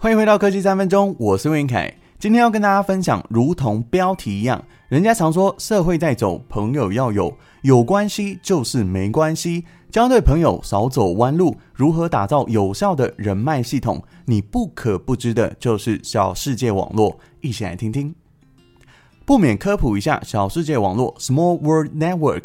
歡迎回到科技三分鐘，我是吳晏愷。今天要跟大家分享，如同標題一樣，人家常說社會在走，朋友要有，有關係就是沒關係，交對朋友少走彎路。如何打造有效的人脈系統？你不可不知的就是小世界網絡。一起來聽聽。不免科普一下小世界網絡 （Small World Network）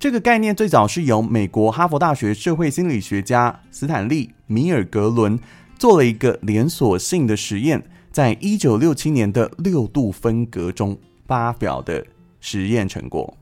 這個概念，最早是由美國哈佛大學社會心理學家斯坦利·米爾格倫，做了一個連鎖性的實驗，在一九六七年的六度分隔中發表的實驗成果。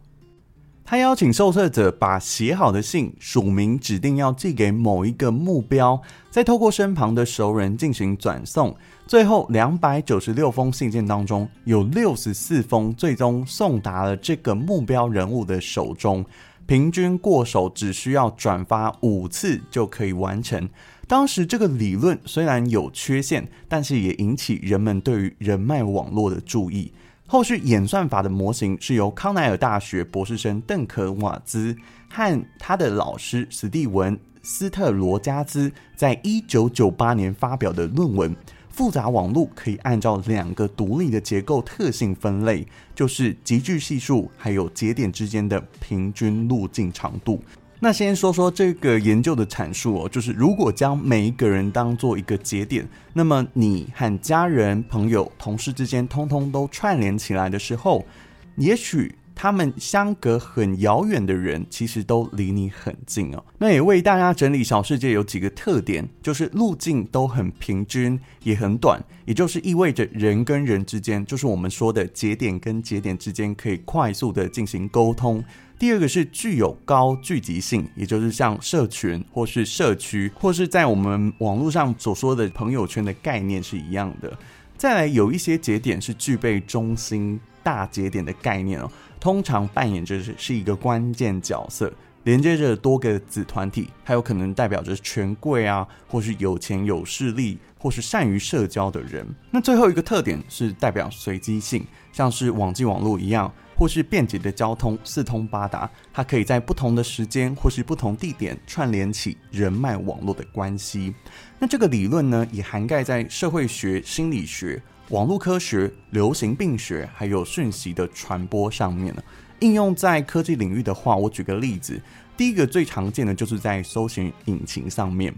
他邀請受測者把寫好的信署名，指定要寄給某一個目標，再透過身旁的熟人進行轉送。最後兩百九十六封信件當中，有六十四封最終送達了這個目標人物的手中，平均過手只需要轉發五次就可以完成。當時這個理論雖然有缺陷，但是也引起人們對於人脈網絡的注意。後續演算法的模型是由康奈爾大學博士生鄧肯·瓦茲和他的老師史蒂文·斯特羅加茲在1998年發表的論文。複雜網絡可以按照兩個獨立的結構特性分類，就是集聚係數還有節點之間的平均路徑長度。那先說說這個研究的闡述哦，就是如果將每一個人當做一個節點，那麼你和家人、朋友、同事之間通通都串聯起來的時候，也許他們相隔很遙遠的人，其實都離你很近哦。那也為大家整理小世界有幾個特點，就是路徑都很平均，也很短，也就是意味着人跟人之間，就是我們說的節點跟節點之間，可以快速的進行溝通。第二個是具有高聚集性，也就是像社群或是社區，或是在我們網絡上所說的朋友圈的概念是一樣的。再來，有一些節點是具備中心大節點的概念哦，通常扮演着是一個關鍵角色，連接着多個子團體，還有可能代表着權貴啊，或是有錢有勢力，或是善於社交的人。那最後一個特點是代表隨機性，像是網際網絡一樣。或是便捷的交通，四通八達，它可以在不同的時間或是不同地點串聯起人脈網絡的關係。那這個理論呢，也涵蓋在社會學、心理學、網絡科學、流行病學，還有訊息的傳播上面。應用在科技領域的話，我舉個例子，第一個最常見的就是在搜尋引擎上面。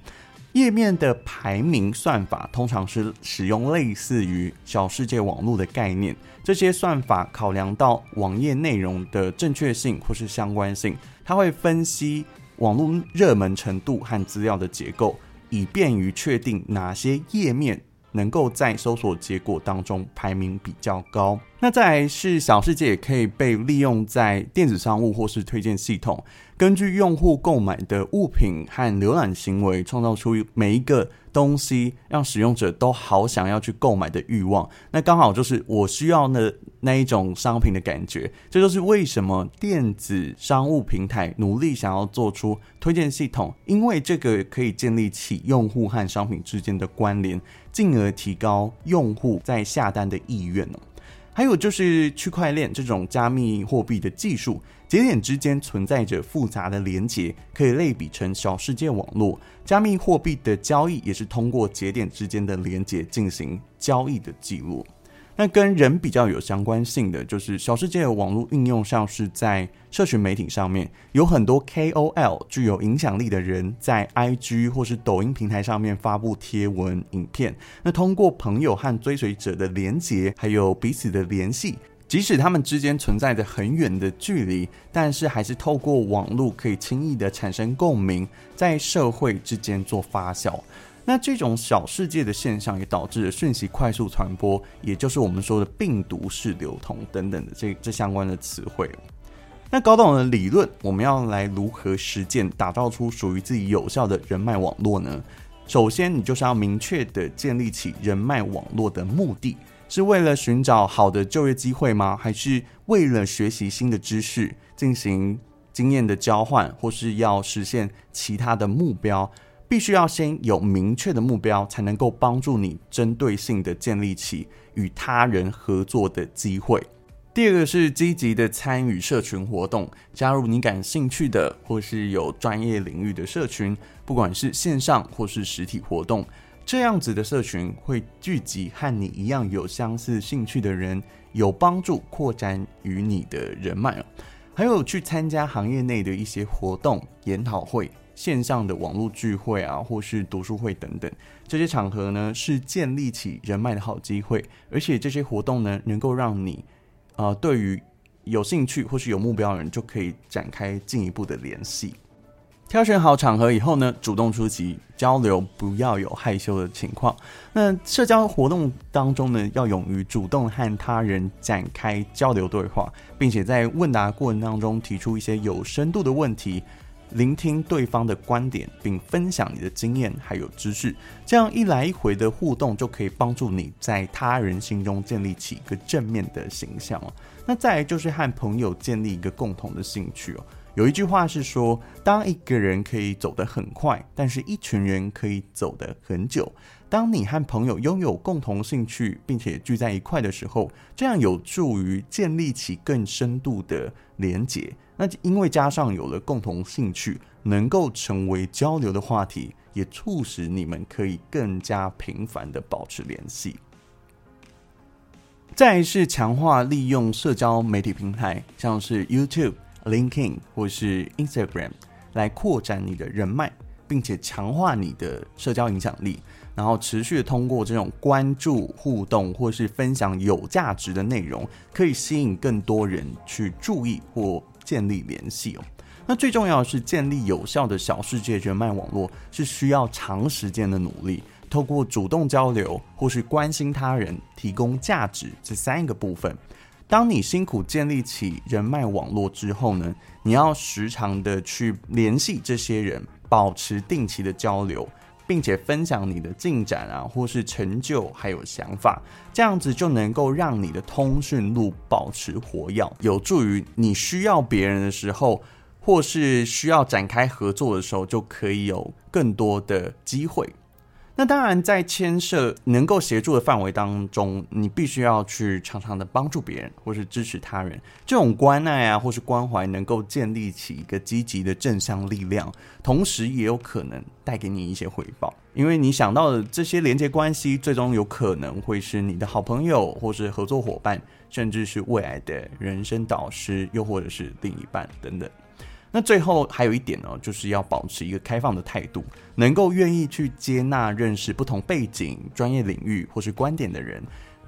頁面的排名算法，通常是使用類似於小世界網絡的概念。這些算法考量到網頁內容的正確性或是相關性，它會分析網絡熱門程度和資料的結構，以便於確定哪些頁面。能夠在搜索結果當中排名比較高。那再來是小世界，也可以被利用在電子商務或是推薦系統，根據用戶購買的物品和瀏覽行為，創造出每一個。東西讓使用者，都好想要去購買的慾望，那剛好就是我需要的那一種商品的感覺。這就是為什麼電子商務平台努力想要做出推薦系統，因為這個可以建立起用戶和商品之間的關聯，進而提高用戶在下單的意願。還有就是區塊鏈這種加密貨幣的技術，節點之間存在着複雜的連接，可以類比成小世界網絡。加密貨幣的交易也是通過節點之間的連接進行交易的記錄。那跟人比較有相關性的，就是小世界的網絡應用上是在社群媒體上面，有很多 KOL 具有影響力的人在 IG 或是抖音平台上面發布貼文、影片。那通過朋友和追隨者的連結，還有彼此的聯繫，即使他們之間存在着很遠的距離，但是還是透過網絡可以輕易的產生共鳴，在社會之間做發酵。那這種小世界的現象也導致了訊息快速傳播，也就是我們說的病毒式流通等等的這這相關的詞彙。那搞懂了理論，我們要來如何實踐，打造出屬於自己有效的人脈網絡呢？首先，你就是要明確的建立起人脈網絡的目的，是為了尋找好的就業機會嗎？還是為了學習新的知識，進行經驗的交換，或是要實現其他的目標？必須要先有明確的目標，才能夠幫助你針對性的建立起與他人合作的機會。第二個是積極的參與社群活動，加入你感興趣的或是有專業領域的社群，不管是線上或是實體活動，這樣子的社群會聚集和你一樣有相似興趣的人，有幫助擴展與你的人脈，還有去參加行業內的一些活動、研討會。線上的網絡聚會啊，或是讀書會等等，這些場合呢，是建立起人脈的好機會，而且這些活動呢能夠讓你，啊、呃，對於有興趣或是有目標的人就可以展開進一步的聯繫。挑選好場合以後呢，主動出席交流，不要有害羞的情況。那社交活動當中呢，要勇於主動和他人展開交流對話，並且在問答過程當中提出一些有深度的問題。聆聽對方的觀點，並分享你的經驗還有知識，這樣一來一回的互動就可以幫助你在他人心中建立起一個正面的形象哦。那再來就是和朋友建立一個共同的興趣哦。有一句話是說，當一個人可以走得很快，但是一群人可以走得很久。當你和朋友擁有共同興趣，並且聚在一塊的時候，這樣有助於建立起更深度的連結。那因為加上有了共同興趣，能夠成為交流的話題，也促使你們可以更加頻繁的保持聯繫。再是強化利用社交媒體平台，像是 YouTube、LinkedIn 或是 Instagram，來擴展你的人脈，並且強化你的社交影響力。然後持續通過這種關注、互動或是分享有價值的內容，可以吸引更多人去注意或。建立聯繫哦，那最重要的是建立有效的小世界人脈網絡，是需要長時間的努力。透過主動交流或是關心他人、提供價值這三個部分，當你辛苦建立起人脈網絡之後呢，你要時常的去聯繫這些人，保持定期的交流。並且分享你的進展啊，或是成就，還有想法，這樣子就能夠讓你的通訊錄保持活躍，有助於你需要別人的時候，或是需要展開合作的時候，就可以有更多的機會。那當然，在牽涉能夠協助的範圍當中，你必須要去常常的幫助別人，或是支持他人。這種關愛啊，或是關懷，能夠建立起一個積極的正向力量，同時也有可能帶給你一些回報。因為你想到的這些連接關係，最終有可能會是你的好朋友，或是合作夥伴，甚至是未來的人生導師，又或者是另一半等等。那最後還有一點呢，就是要保持一個開放的態度，能夠願意去接納認識不同背景、專業領域或是觀點的人，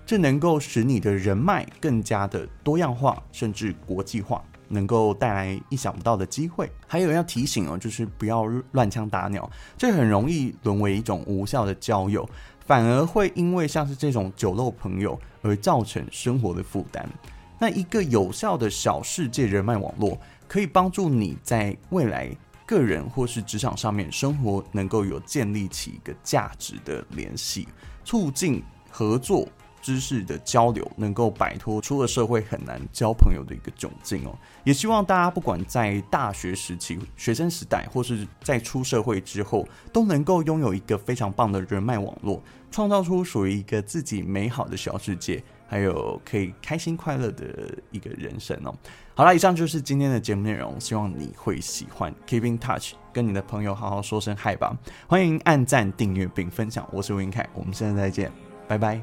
這能夠使你的人脈更加的多樣化，甚至國際化，能夠帶來意想不到的機會。還有要提醒哦，就是不要亂槍打鳥，這很容易淪為一種無效的交友，反而會因為像是這種酒肉朋友而造成生活的負擔。那一個有效的小世界人脈網絡，可以幫助你在未來個人或是職場上面生活能夠有建立起一個價值的聯繫，促進合作、知識的交流，能夠擺脫出了社會很難交朋友的一個窘境哦。也希望大家不管在大學時期、學生時代，或是在出社會之後，都能夠擁有一個非常棒的人脈網絡，創造出屬於一個自己美好的小世界。還有可以開心快樂的一個人生哦。好了，以上就是今天的節目內容，希望你會喜歡。Keep in touch，跟你的朋友好好說聲嗨吧。歡迎按讚、訂閱並分享。我是吳晏愷，我們下次再見，拜拜。